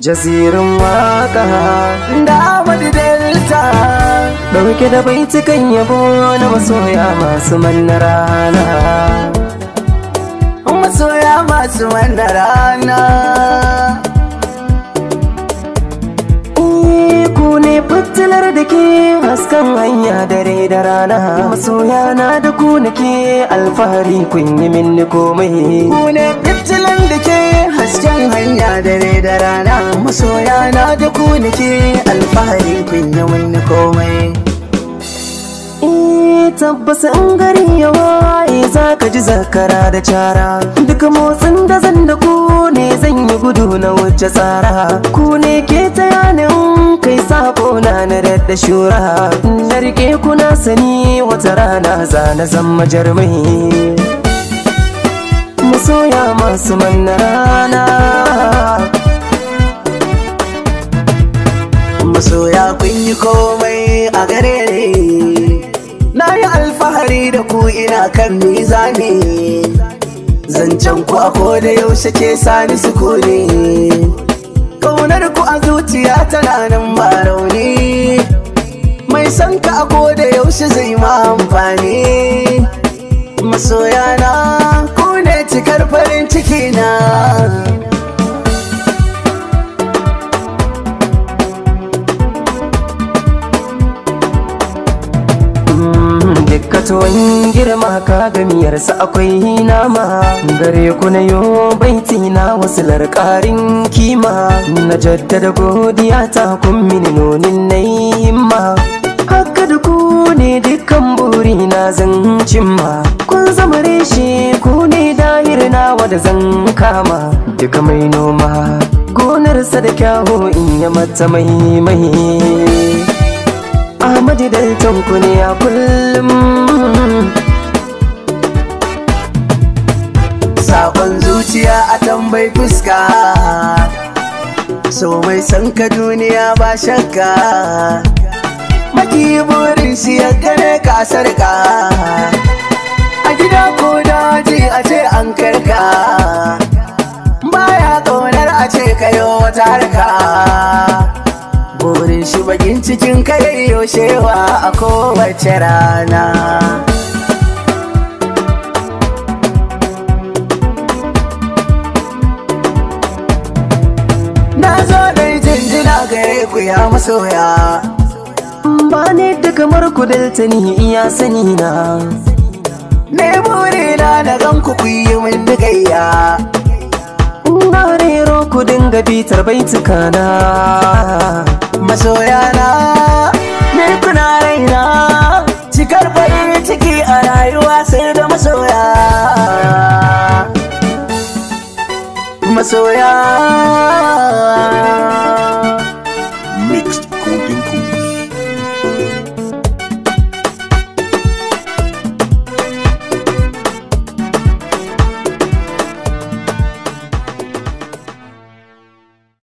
jazirin waka da amadu delta dauke da baitukan yabo na masoya masu manna rana masoya masu manna rana da haskan hanya dare da rana masoya na da ku nake alfahari kun yi minni komai ku ne fitilan da ke hasken hanya dare da rana masoya na da ku nake alfahari kun yi minni komai e, tabbas in gari ya waye za ka ji zakara da cara duka motsin da zan da ku ne zan yi gudu na wuce tsara ku ne da shura na rike na sani wata rana za na zama jarmai masoya masu manna rana soya kun yi komai a gare ne na yi alfahari da ku ina kan mizani zancen ku a koda yaushe ke sani sukuni kaunar ku a zuciya tana nan ba rauni san ka a koda yaushe zai ma amfani masoyana ku ne cikar farin ciki na mm, Dukkato wani girma ka gamiyarsa akwai nama gare ku na yo baiti na wasu larƙarin kima na jaddada godiya ta kun mini nonin na yi himma na zan cimma kun zama reshe ku ne dahir nawa da zan kama duka mai noma gonarsa da kyawo in ya mata mai mai Ahmadu Dalton ku ne a kullum Sakon zuciya a tambayi fuska so mai san ka duniya ba shakka maki burin shi ya gane ka sarka a gida ko daji a ce an karka baya ƙaunar a ce kayo wata harka burin shi bakin cikin kai yaushewa a kowace rana na zo dai jinjina ga ku ya masoya bane ne ta kamar ku daltani iya sani na me bore na da zan ku kuyi min bigayya na rero ku dinga bitar baituka na masoya na me kuna raina cikar bayin ciki a rayuwa sai da masoya masoya mixed coding